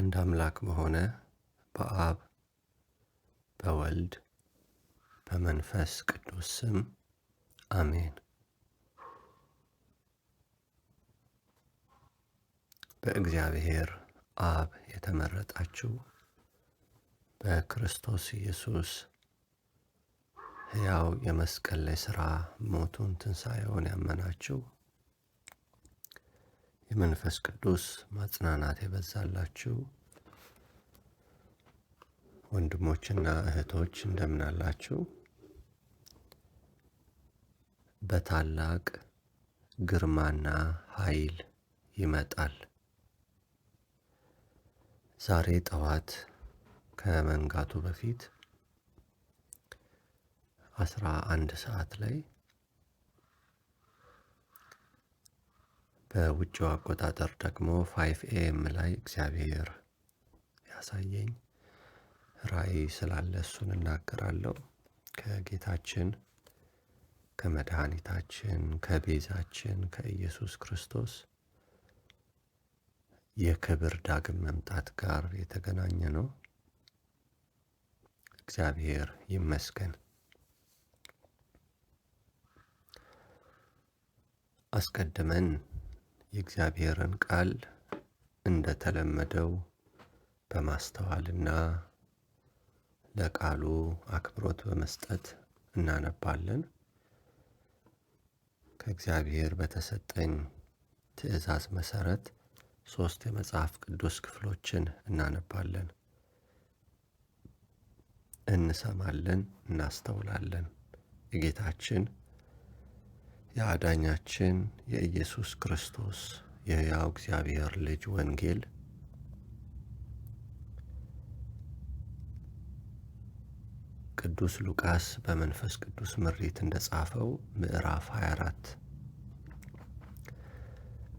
አንድ አምላክ በሆነ በአብ በወልድ በመንፈስ ቅዱስ ስም አሜን። በእግዚአብሔር አብ የተመረጣችሁ በክርስቶስ ኢየሱስ ሕያው የመስቀል ላይ ሥራ ሞቱን ትንሣኤውን ያመናችሁ የመንፈስ ቅዱስ ማጽናናት የበዛላችሁ ወንድሞችና እህቶች እንደምን አላችሁ? በታላቅ ግርማና ኃይል ይመጣል። ዛሬ ጠዋት ከመንጋቱ በፊት አስራ አንድ ሰዓት ላይ በውጭው አቆጣጠር ደግሞ ፋይቭ ኤኤም ላይ እግዚአብሔር ያሳየኝ ራእይ ስላለ እሱን እናገራለሁ። ከጌታችን ከመድኃኒታችን ከቤዛችን ከኢየሱስ ክርስቶስ የክብር ዳግም መምጣት ጋር የተገናኘ ነው። እግዚአብሔር ይመስገን። አስቀድመን የእግዚአብሔርን ቃል እንደተለመደው በማስተዋልና ለቃሉ አክብሮት በመስጠት እናነባለን። ከእግዚአብሔር በተሰጠኝ ትእዛዝ መሰረት ሶስት የመጽሐፍ ቅዱስ ክፍሎችን እናነባለን። እንሰማለን፣ እናስተውላለን። የጌታችን የአዳኛችን የኢየሱስ ክርስቶስ የሕያው እግዚአብሔር ልጅ ወንጌል ቅዱስ ሉቃስ በመንፈስ ቅዱስ ምሪት ጻፈው ምዕራፍ 24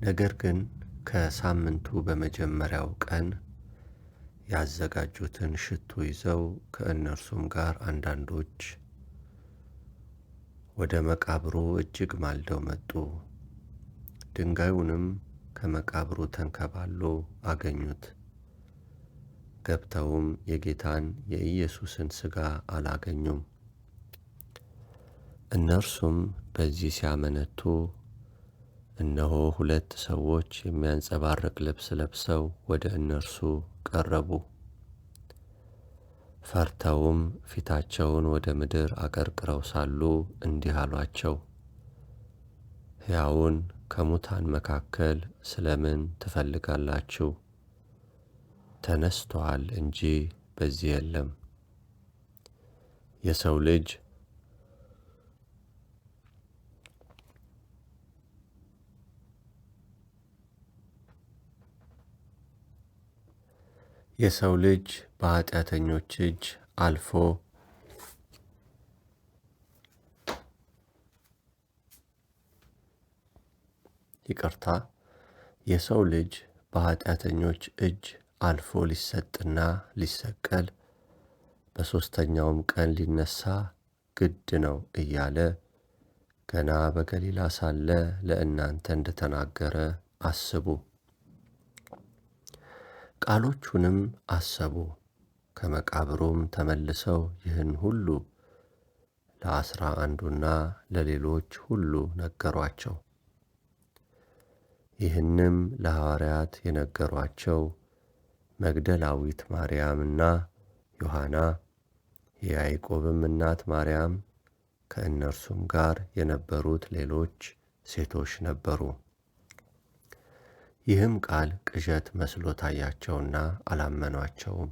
ነገር ግን ከሳምንቱ በመጀመሪያው ቀን ያዘጋጁትን ሽቱ ይዘው ከእነርሱም ጋር አንዳንዶች ወደ መቃብሩ እጅግ ማልደው መጡ። ድንጋዩንም ከመቃብሩ ተንከባሎ አገኙት። ገብተውም የጌታን የኢየሱስን ሥጋ አላገኙም። እነርሱም በዚህ ሲያመነቱ እነሆ ሁለት ሰዎች የሚያንጸባርቅ ልብስ ለብሰው ወደ እነርሱ ቀረቡ። ፈርተውም ፊታቸውን ወደ ምድር አቀርቅረው ሳሉ እንዲህ አሏቸው፣ ሕያውን ከሙታን መካከል ስለ ምን ትፈልጋላችሁ? ተነስቶአል እንጂ በዚህ የለም። የሰው ልጅ የሰው ልጅ በኃጢአተኞች እጅ አልፎ ይቅርታ የሰው ልጅ በኃጢአተኞች እጅ አልፎ ሊሰጥና ሊሰቀል በሦስተኛውም ቀን ሊነሳ ግድ ነው እያለ ገና በገሊላ ሳለ ለእናንተ እንደተናገረ አስቡ። ቃሎቹንም አሰቡ። ከመቃብሩም ተመልሰው ይህን ሁሉ ለአስራ አንዱና ለሌሎች ሁሉ ነገሯቸው። ይህንም ለሐዋርያት የነገሯቸው መግደላዊት ማርያምና ዮሐና የያዕቆብም እናት ማርያም ከእነርሱም ጋር የነበሩት ሌሎች ሴቶች ነበሩ። ይህም ቃል ቅዠት መስሎ ታያቸውና አላመኗቸውም።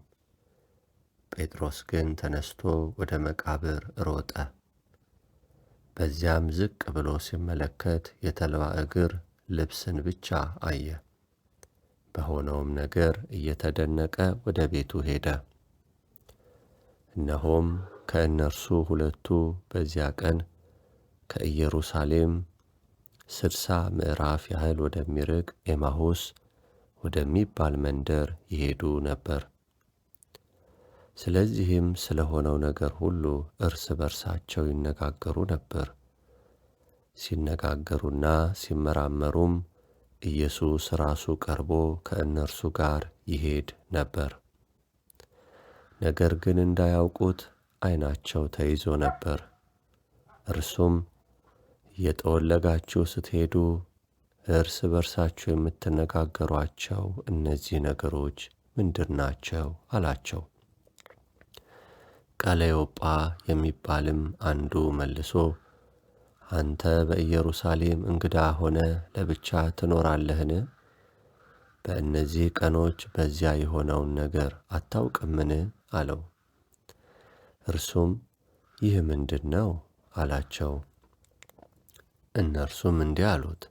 ጴጥሮስ ግን ተነስቶ ወደ መቃብር ሮጠ። በዚያም ዝቅ ብሎ ሲመለከት የተልባ እግር ልብስን ብቻ አየ። በሆነውም ነገር እየተደነቀ ወደ ቤቱ ሄደ። እነሆም ከእነርሱ ሁለቱ በዚያ ቀን ከኢየሩሳሌም ስልሳ ምዕራፍ ያህል ወደሚርቅ ኤማሁስ ወደሚባል መንደር ይሄዱ ነበር። ስለዚህም ስለ ሆነው ነገር ሁሉ እርስ በርሳቸው ይነጋገሩ ነበር። ሲነጋገሩና ሲመራመሩም ኢየሱስ ራሱ ቀርቦ ከእነርሱ ጋር ይሄድ ነበር። ነገር ግን እንዳያውቁት ዐይናቸው ተይዞ ነበር። እርሱም የጠወለጋችሁ ስትሄዱ እርስ በርሳችሁ የምትነጋገሯቸው እነዚህ ነገሮች ምንድን ናቸው አላቸው። ቀለዮጳ የሚባልም አንዱ መልሶ አንተ በኢየሩሳሌም እንግዳ ሆነ ለብቻ ትኖራለህን? በእነዚህ ቀኖች በዚያ የሆነውን ነገር አታውቅምን? አለው። እርሱም ይህ ምንድን ነው አላቸው። እነርሱም እንዲህ አሉት፣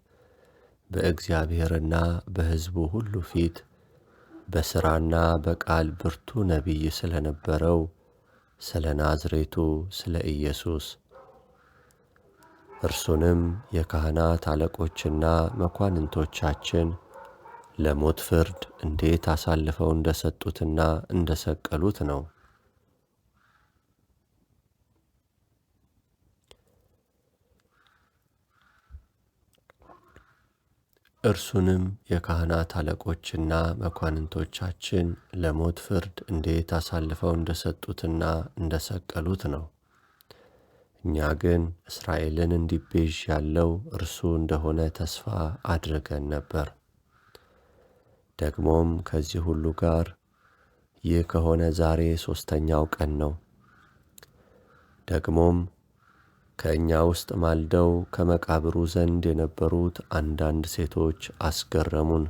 በእግዚአብሔርና በሕዝቡ ሁሉ ፊት በሥራና በቃል ብርቱ ነቢይ ስለ ነበረው ስለ ናዝሬቱ ስለ ኢየሱስ እርሱንም የካህናት አለቆችና መኳንንቶቻችን ለሞት ፍርድ እንዴት አሳልፈው እንደ ሰጡትና እንደ ሰቀሉት ነው። እርሱንም የካህናት አለቆችና መኳንንቶቻችን ለሞት ፍርድ እንዴት አሳልፈው እንደሰጡትና እንደሰቀሉት ነው። እኛ ግን እስራኤልን እንዲቤዥ ያለው እርሱ እንደሆነ ተስፋ አድርገን ነበር። ደግሞም ከዚህ ሁሉ ጋር ይህ ከሆነ ዛሬ ሦስተኛው ቀን ነው። ደግሞም ከእኛ ውስጥ ማልደው ከመቃብሩ ዘንድ የነበሩት አንዳንድ ሴቶች አስገረሙን።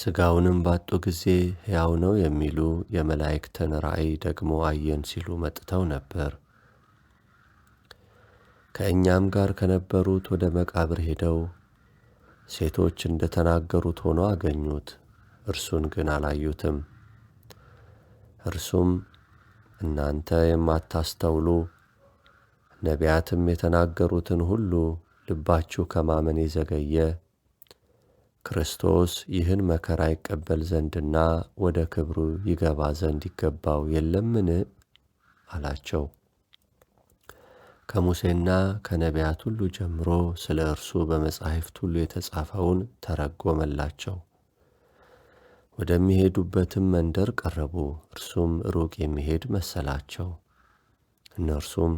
ሥጋውንም ባጡ ጊዜ ሕያው ነው የሚሉ የመላእክትን ራእይ ደግሞ አየን ሲሉ መጥተው ነበር። ከእኛም ጋር ከነበሩት ወደ መቃብር ሄደው ሴቶች እንደ ተናገሩት ሆኖ አገኙት፣ እርሱን ግን አላዩትም። እርሱም እናንተ የማታስተውሉ ነቢያትም የተናገሩትን ሁሉ ልባችሁ ከማመን የዘገየ ክርስቶስ ይህን መከራ ይቀበል ዘንድና ወደ ክብሩ ይገባ ዘንድ ይገባው የለምን? አላቸው። ከሙሴና ከነቢያት ሁሉ ጀምሮ ስለ እርሱ በመጻሕፍት ሁሉ የተጻፈውን ተረጎመላቸው። ወደሚሄዱበትም መንደር ቀረቡ። እርሱም ሩቅ የሚሄድ መሰላቸው። እነርሱም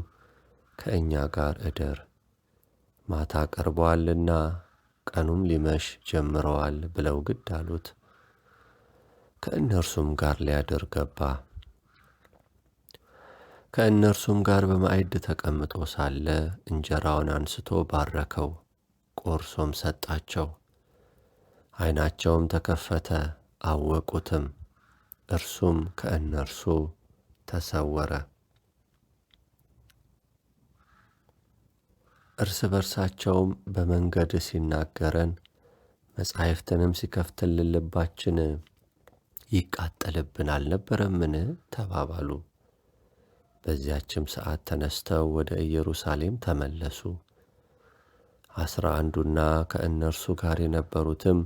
ከእኛ ጋር እደር፣ ማታ ቀርቧልና ቀኑም ሊመሽ ጀምረዋል ብለው ግድ አሉት። ከእነርሱም ጋር ሊያድር ገባ። ከእነርሱም ጋር በማዕድ ተቀምጦ ሳለ እንጀራውን አንስቶ ባረከው፣ ቆርሶም ሰጣቸው። ዓይናቸውም ተከፈተ አወቁትም፣ እርሱም ከእነርሱ ተሰወረ። እርስ በርሳቸውም በመንገድ ሲናገረን መጻሕፍትንም ሲከፍትልን ልባችን ይቃጠልብን አልነበረምን? ተባባሉ። በዚያችም ሰዓት ተነስተው ወደ ኢየሩሳሌም ተመለሱ። አስራ አንዱና ከእነርሱ ጋር የነበሩትም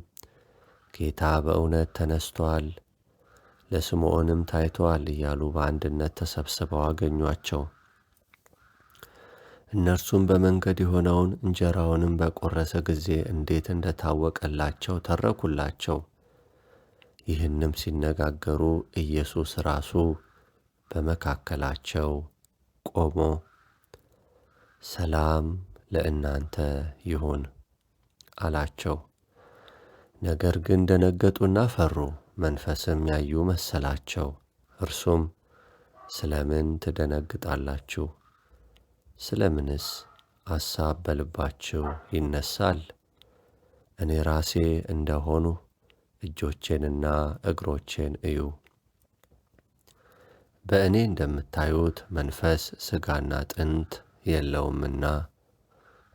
ጌታ በእውነት ተነስቶአል፣ ለስምዖንም ታይቶአል እያሉ በአንድነት ተሰብስበው አገኟቸው። እነርሱም በመንገድ የሆነውን እንጀራውንም በቆረሰ ጊዜ እንዴት እንደታወቀላቸው ተረኩላቸው። ይህንም ሲነጋገሩ ኢየሱስ ራሱ በመካከላቸው ቆሞ ሰላም ለእናንተ ይሁን አላቸው። ነገር ግን ደነገጡና ፈሩ፣ መንፈስም ያዩ መሰላቸው። እርሱም ስለምን ትደነግጣላችሁ? ስለምንስ አሳብ በልባችሁ ይነሳል? እኔ ራሴ እንደሆኑ እጆቼንና እግሮቼን እዩ። በእኔ እንደምታዩት መንፈስ ሥጋና አጥንት የለውምና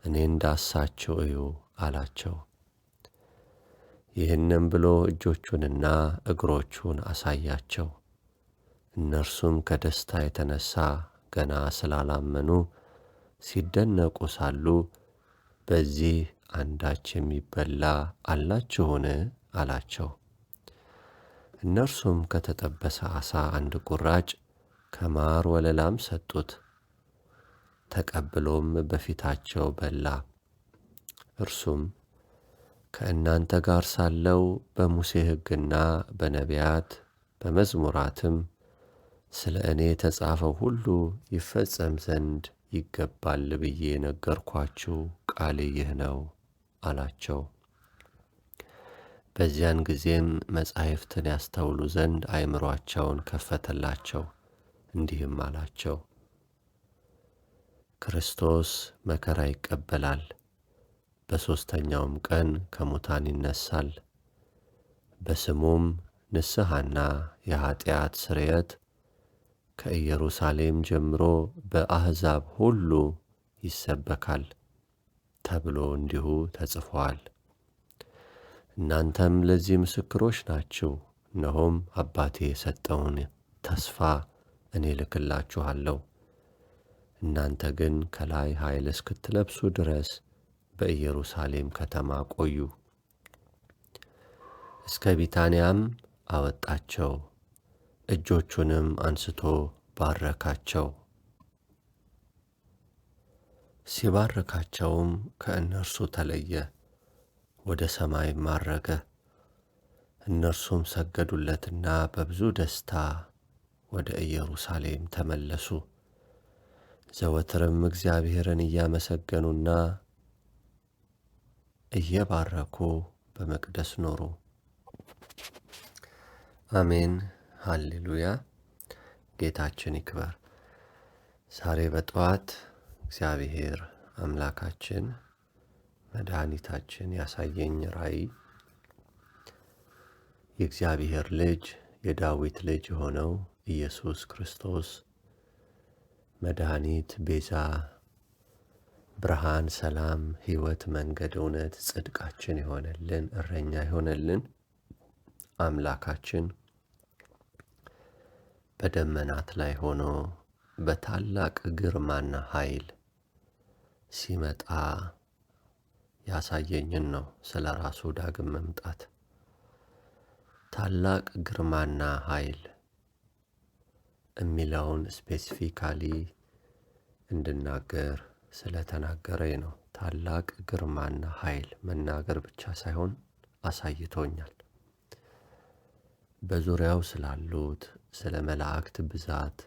እኔ እንዳሳችሁ እዩ አላቸው። ይህንም ብሎ እጆቹንና እግሮቹን አሳያቸው። እነርሱም ከደስታ የተነሣ ገና ስላላመኑ ሲደነቁ ሳሉ በዚህ አንዳች የሚበላ አላችሁን? አላቸው። እነርሱም ከተጠበሰ ዓሣ አንድ ቁራጭ ከማር ወለላም ሰጡት። ተቀብሎም በፊታቸው በላ። እርሱም ከእናንተ ጋር ሳለው በሙሴ ሕግና በነቢያት በመዝሙራትም ስለ እኔ የተጻፈው ሁሉ ይፈጸም ዘንድ ይገባል ብዬ ነገርኳችሁ ቃሌ ይህ ነው አላቸው። በዚያን ጊዜም መጻሕፍትን ያስተውሉ ዘንድ አይምሯቸውን ከፈተላቸው፣ እንዲህም አላቸው፦ ክርስቶስ መከራ ይቀበላል በሦስተኛውም ቀን ከሙታን ይነሳል። በስሙም ንስሐና የኀጢአት ስርየት ከኢየሩሳሌም ጀምሮ በአሕዛብ ሁሉ ይሰበካል ተብሎ እንዲሁ ተጽፏል። እናንተም ለዚህ ምስክሮች ናችሁ። እነሆም አባቴ የሰጠውን ተስፋ እኔ ልክላችኋለሁ። እናንተ ግን ከላይ ኃይል እስክትለብሱ ድረስ በኢየሩሳሌም ከተማ ቆዩ። እስከ ቢታንያም አወጣቸው፣ እጆቹንም አንስቶ ባረካቸው። ሲባርካቸውም ከእነርሱ ተለየ፣ ወደ ሰማይ ማረገ። እነርሱም ሰገዱለትና በብዙ ደስታ ወደ ኢየሩሳሌም ተመለሱ። ዘወትርም እግዚአብሔርን እያመሰገኑና እየባረኩ በመቅደስ ኖሩ። አሜን ሃሌሉያ። ጌታችን ይክበር። ዛሬ በጠዋት እግዚአብሔር አምላካችን መድኃኒታችን ያሳየኝ ራእይ የእግዚአብሔር ልጅ የዳዊት ልጅ የሆነው ኢየሱስ ክርስቶስ መድኃኒት ቤዛ ብርሃን፣ ሰላም፣ ሕይወት፣ መንገድ፣ እውነት፣ ጽድቃችን የሆነልን እረኛ የሆነልን አምላካችን በደመናት ላይ ሆኖ በታላቅ ግርማና ኃይል ሲመጣ ያሳየኝን ነው። ስለ ራሱ ዳግም መምጣት ታላቅ ግርማና ኃይል የሚለውን ስፔሲፊካሊ እንድናገር ስለተናገረኝ ነው። ታላቅ ግርማና ኃይል መናገር ብቻ ሳይሆን አሳይቶኛል። በዙሪያው ስላሉት ስለ መላእክት ብዛት፣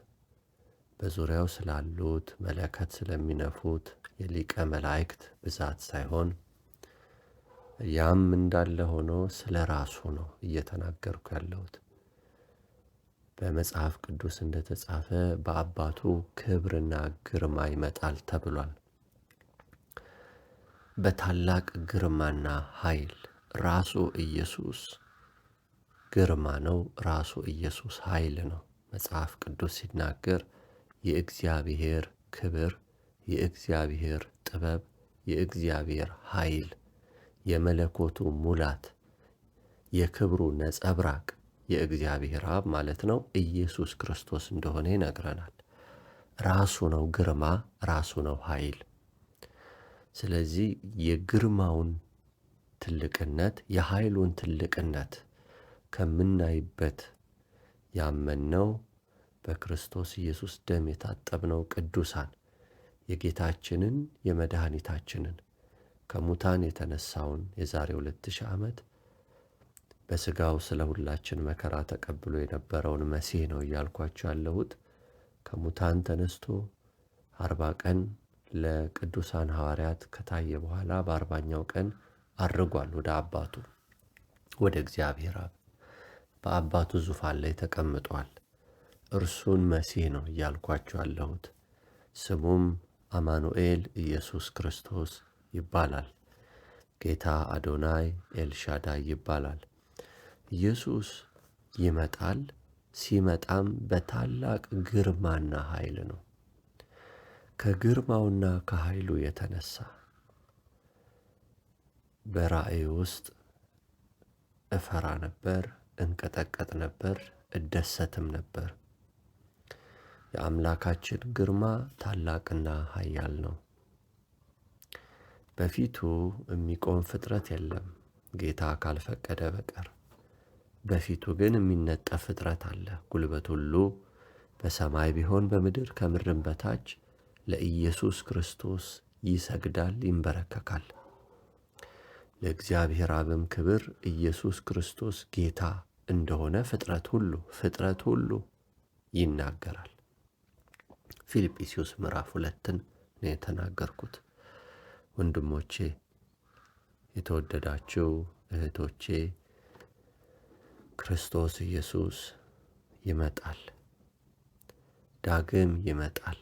በዙሪያው ስላሉት መለከት ስለሚነፉት የሊቀ መላእክት ብዛት ሳይሆን ያም እንዳለ ሆኖ ስለ ራሱ ነው እየተናገርኩ ያለሁት። በመጽሐፍ ቅዱስ እንደተጻፈ በአባቱ ክብርና ግርማ ይመጣል ተብሏል። በታላቅ ግርማና ኃይል ራሱ ኢየሱስ ግርማ ነው። ራሱ ኢየሱስ ኃይል ነው። መጽሐፍ ቅዱስ ሲናገር የእግዚአብሔር ክብር፣ የእግዚአብሔር ጥበብ፣ የእግዚአብሔር ኃይል፣ የመለኮቱ ሙላት፣ የክብሩ ነጸብራቅ የእግዚአብሔር አብ ማለት ነው ኢየሱስ ክርስቶስ እንደሆነ ይነግረናል። ራሱ ነው ግርማ፣ ራሱ ነው ኃይል። ስለዚህ የግርማውን ትልቅነት የኃይሉን ትልቅነት ከምናይበት ያመንነው በክርስቶስ ኢየሱስ ደም የታጠብነው ቅዱሳን የጌታችንን የመድኃኒታችንን ከሙታን የተነሳውን የዛሬ ሁለት ሺህ ዓመት በስጋው ስለ ሁላችን መከራ ተቀብሎ የነበረውን መሲህ ነው እያልኳቸው ያለሁት። ከሙታን ተነስቶ አርባ ቀን ለቅዱሳን ሐዋርያት ከታየ በኋላ በአርባኛው ቀን አርጓል ወደ አባቱ ወደ እግዚአብሔር አብ በአባቱ ዙፋን ላይ ተቀምጧል። እርሱን መሲህ ነው እያልኳቸው ያለሁት። ስሙም አማኑኤል ኢየሱስ ክርስቶስ ይባላል። ጌታ አዶናይ ኤልሻዳይ ይባላል። ኢየሱስ ይመጣል። ሲመጣም በታላቅ ግርማና ኃይል ነው። ከግርማውና ከኃይሉ የተነሳ በራእይ ውስጥ እፈራ ነበር፣ እንቀጠቀጥ ነበር፣ እደሰትም ነበር። የአምላካችን ግርማ ታላቅና ኃያል ነው። በፊቱ የሚቆም ፍጥረት የለም ጌታ ካልፈቀደ በቀር በፊቱ ግን የሚነጠፍ ፍጥረት አለ። ጉልበት ሁሉ በሰማይ ቢሆን በምድር ከምድርም በታች ለኢየሱስ ክርስቶስ ይሰግዳል፣ ይንበረከካል። ለእግዚአብሔር አብም ክብር ኢየሱስ ክርስቶስ ጌታ እንደሆነ ፍጥረት ሁሉ ፍጥረት ሁሉ ይናገራል። ፊልጵስዩስ ምዕራፍ ሁለትን ነው የተናገርኩት። ወንድሞቼ የተወደዳችሁ እህቶቼ ክርስቶስ ኢየሱስ ይመጣል፣ ዳግም ይመጣል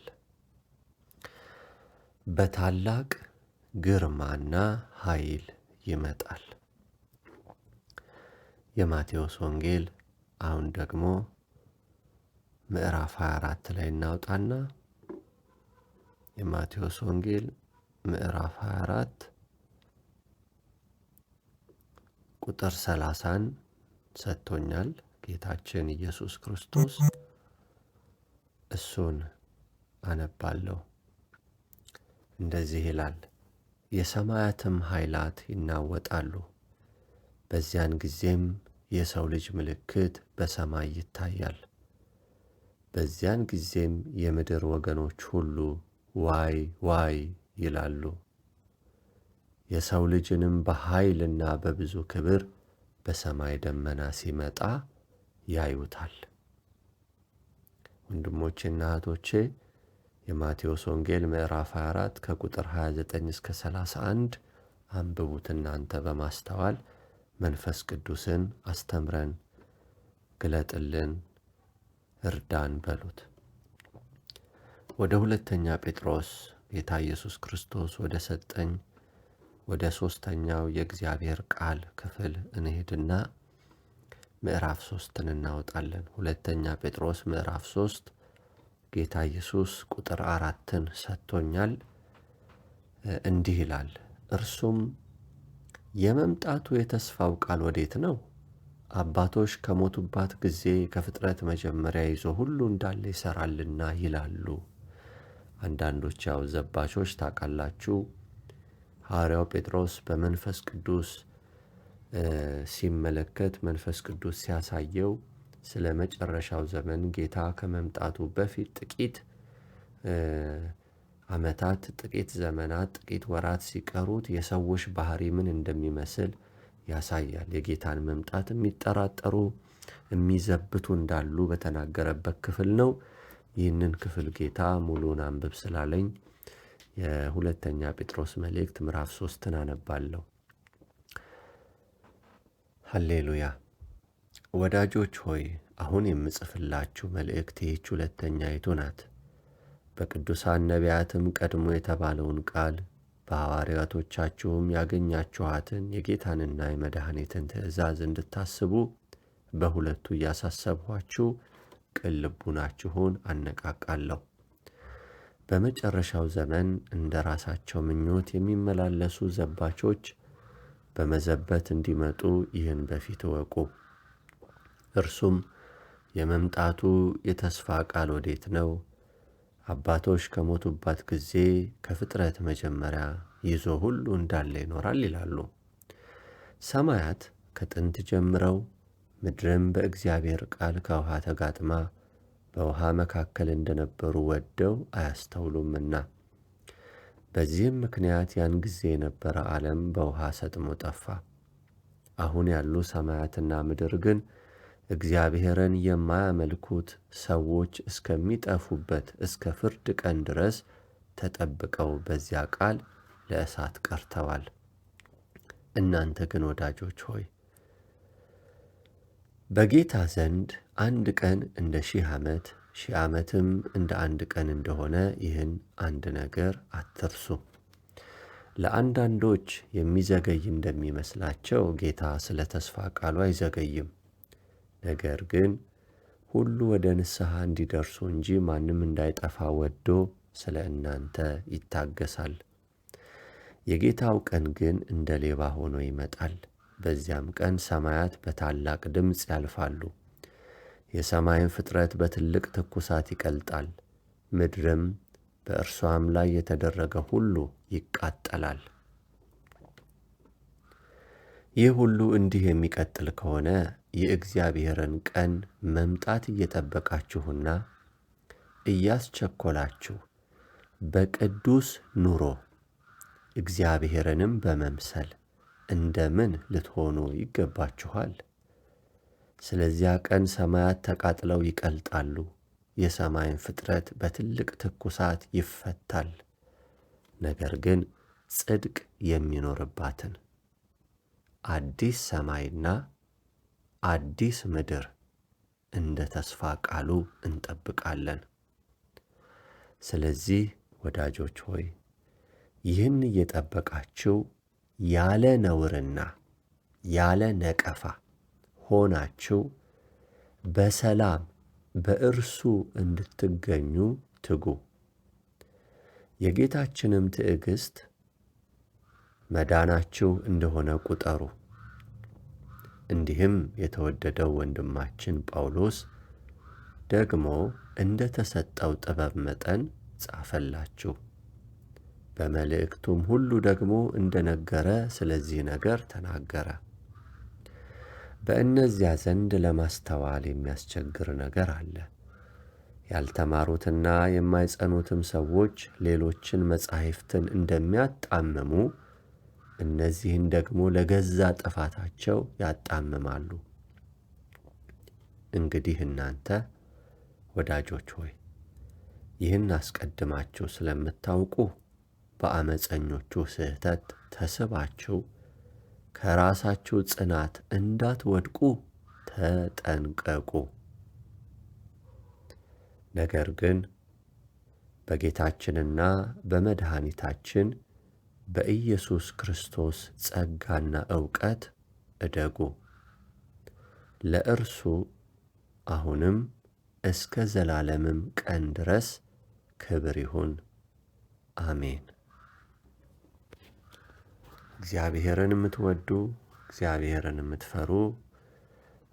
በታላቅ ግርማና ኃይል ይመጣል። የማቴዎስ ወንጌል አሁን ደግሞ ምዕራፍ 24 ላይ እናውጣና የማቴዎስ ወንጌል ምዕራፍ 24 ቁጥር 30 ሰጥቶኛል። ጌታችን ኢየሱስ ክርስቶስ እሱን አነባለሁ። እንደዚህ ይላል፣ የሰማያትም ኃይላት ይናወጣሉ። በዚያን ጊዜም የሰው ልጅ ምልክት በሰማይ ይታያል። በዚያን ጊዜም የምድር ወገኖች ሁሉ ዋይ ዋይ ይላሉ። የሰው ልጅንም በኃይልና በብዙ ክብር በሰማይ ደመና ሲመጣ ያዩታል። ወንድሞቼና እህቶቼ የማቴዎስ ወንጌል ምዕራፍ 24 ከቁጥር 29 እስከ 31 አንብቡት እናንተ በማስተዋል መንፈስ ቅዱስን አስተምረን፣ ግለጥልን፣ እርዳን በሉት። ወደ ሁለተኛ ጴጥሮስ ጌታ ኢየሱስ ክርስቶስ ወደ ሰጠኝ ወደ ሶስተኛው የእግዚአብሔር ቃል ክፍል እንሄድና ምዕራፍ ሶስትን እናወጣለን። ሁለተኛ ጴጥሮስ ምዕራፍ ሶስት ጌታ ኢየሱስ ቁጥር አራትን ሰጥቶኛል። እንዲህ ይላል፣ እርሱም የመምጣቱ የተስፋው ቃል ወዴት ነው? አባቶች ከሞቱባት ጊዜ ከፍጥረት መጀመሪያ ይዞ ሁሉ እንዳለ ይሰራልና ይላሉ። አንዳንዶች ያው ዘባቾች ታውቃላችሁ ሐዋርያው ጴጥሮስ በመንፈስ ቅዱስ ሲመለከት መንፈስ ቅዱስ ሲያሳየው ስለ መጨረሻው ዘመን ጌታ ከመምጣቱ በፊት ጥቂት ዓመታት፣ ጥቂት ዘመናት፣ ጥቂት ወራት ሲቀሩት የሰዎች ባህሪ ምን እንደሚመስል ያሳያል። የጌታን መምጣት የሚጠራጠሩ የሚዘብቱ እንዳሉ በተናገረበት ክፍል ነው። ይህንን ክፍል ጌታ ሙሉን አንብብ ስላለኝ የሁለተኛ ጴጥሮስ መልእክት ምዕራፍ ሶስትን አነባለሁ። ሀሌሉያ። ወዳጆች ሆይ አሁን የምጽፍላችሁ መልእክት ይህች ሁለተኛ ናት። በቅዱሳን ነቢያትም ቀድሞ የተባለውን ቃል በሐዋርያቶቻችሁም ያገኛችኋትን የጌታንና የመድኃኒትን ትእዛዝ እንድታስቡ በሁለቱ እያሳሰብኋችሁ ቅልቡናችሁን አነቃቃለሁ። በመጨረሻው ዘመን እንደ ራሳቸው ምኞት የሚመላለሱ ዘባቾች በመዘበት እንዲመጡ ይህን በፊት እወቁ። እርሱም የመምጣቱ የተስፋ ቃል ወዴት ነው? አባቶች ከሞቱባት ጊዜ ከፍጥረት መጀመሪያ ይዞ ሁሉ እንዳለ ይኖራል ይላሉ። ሰማያት ከጥንት ጀምረው ምድርም በእግዚአብሔር ቃል ከውሃ ተጋጥማ በውሃ መካከል እንደነበሩ ወደው አያስተውሉምና። በዚህም ምክንያት ያን ጊዜ የነበረ ዓለም በውሃ ሰጥሞ ጠፋ። አሁን ያሉ ሰማያትና ምድር ግን እግዚአብሔርን የማያመልኩት ሰዎች እስከሚጠፉበት እስከ ፍርድ ቀን ድረስ ተጠብቀው በዚያ ቃል ለእሳት ቀርተዋል። እናንተ ግን ወዳጆች ሆይ በጌታ ዘንድ አንድ ቀን እንደ ሺህ ዓመት ሺህ ዓመትም እንደ አንድ ቀን እንደሆነ ይህን አንድ ነገር አትርሱ። ለአንዳንዶች የሚዘገይ እንደሚመስላቸው ጌታ ስለ ተስፋ ቃሉ አይዘገይም፣ ነገር ግን ሁሉ ወደ ንስሐ እንዲደርሱ እንጂ ማንም እንዳይጠፋ ወዶ ስለ እናንተ ይታገሳል። የጌታው ቀን ግን እንደ ሌባ ሆኖ ይመጣል። በዚያም ቀን ሰማያት በታላቅ ድምፅ ያልፋሉ፣ የሰማይን ፍጥረት በትልቅ ትኩሳት ይቀልጣል፣ ምድርም በእርሷም ላይ የተደረገ ሁሉ ይቃጠላል። ይህ ሁሉ እንዲህ የሚቀጥል ከሆነ የእግዚአብሔርን ቀን መምጣት እየጠበቃችሁና እያስቸኮላችሁ በቅዱስ ኑሮ እግዚአብሔርንም በመምሰል እንደምን ልትሆኑ ይገባችኋል? ስለዚያ ቀን ሰማያት ተቃጥለው ይቀልጣሉ፣ የሰማይን ፍጥረት በትልቅ ትኩሳት ይፈታል። ነገር ግን ጽድቅ የሚኖርባትን አዲስ ሰማይና አዲስ ምድር እንደ ተስፋ ቃሉ እንጠብቃለን። ስለዚህ ወዳጆች ሆይ ይህን እየጠበቃችሁ ያለ ነውርና ያለ ነቀፋ ሆናችሁ በሰላም በእርሱ እንድትገኙ ትጉ። የጌታችንም ትዕግስት መዳናችሁ እንደሆነ ቁጠሩ። እንዲህም የተወደደው ወንድማችን ጳውሎስ ደግሞ እንደ ተሰጠው ጥበብ መጠን ጻፈላችሁ። በመልእክቱም ሁሉ ደግሞ እንደነገረ ስለዚህ ነገር ተናገረ። በእነዚያ ዘንድ ለማስተዋል የሚያስቸግር ነገር አለ። ያልተማሩትና የማይጸኑትም ሰዎች ሌሎችን መጻሕፍትን እንደሚያጣምሙ እነዚህን ደግሞ ለገዛ ጥፋታቸው ያጣምማሉ። እንግዲህ እናንተ ወዳጆች ሆይ ይህን አስቀድማችሁ ስለምታውቁ በአመፀኞቹ ስህተት ተስባችሁ ከራሳችሁ ጽናት እንዳትወድቁ ተጠንቀቁ። ነገር ግን በጌታችንና በመድኃኒታችን በኢየሱስ ክርስቶስ ጸጋና ዕውቀት እደጉ። ለእርሱ አሁንም እስከ ዘላለምም ቀን ድረስ ክብር ይሁን። አሜን። እግዚአብሔርን የምትወዱ እግዚአብሔርን የምትፈሩ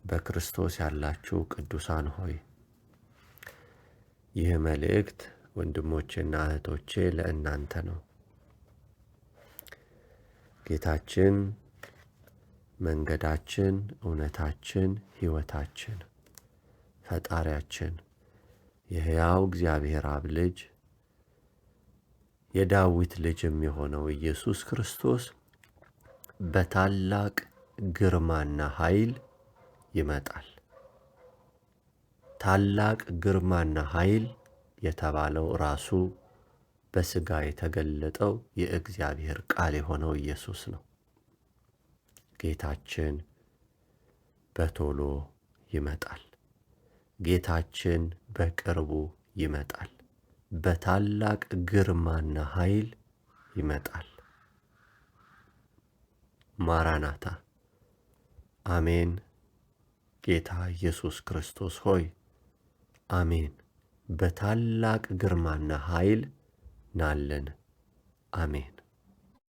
በክርስቶስ ያላችሁ ቅዱሳን ሆይ ይህ መልእክት ወንድሞቼና እህቶቼ ለእናንተ ነው። ጌታችን መንገዳችን፣ እውነታችን፣ ሕይወታችን፣ ፈጣሪያችን የሕያው እግዚአብሔር አብ ልጅ የዳዊት ልጅ የሚሆነው ኢየሱስ ክርስቶስ በታላቅ ግርማና ኃይል ይመጣል። ታላቅ ግርማና ኃይል የተባለው ራሱ በሥጋ የተገለጠው የእግዚአብሔር ቃል የሆነው ኢየሱስ ነው። ጌታችን በቶሎ ይመጣል። ጌታችን በቅርቡ ይመጣል። በታላቅ ግርማና ኃይል ይመጣል። ማራናታ። አሜን። ጌታ ኢየሱስ ክርስቶስ ሆይ አሜን። በታላቅ ግርማና ኃይል ናለን። አሜን።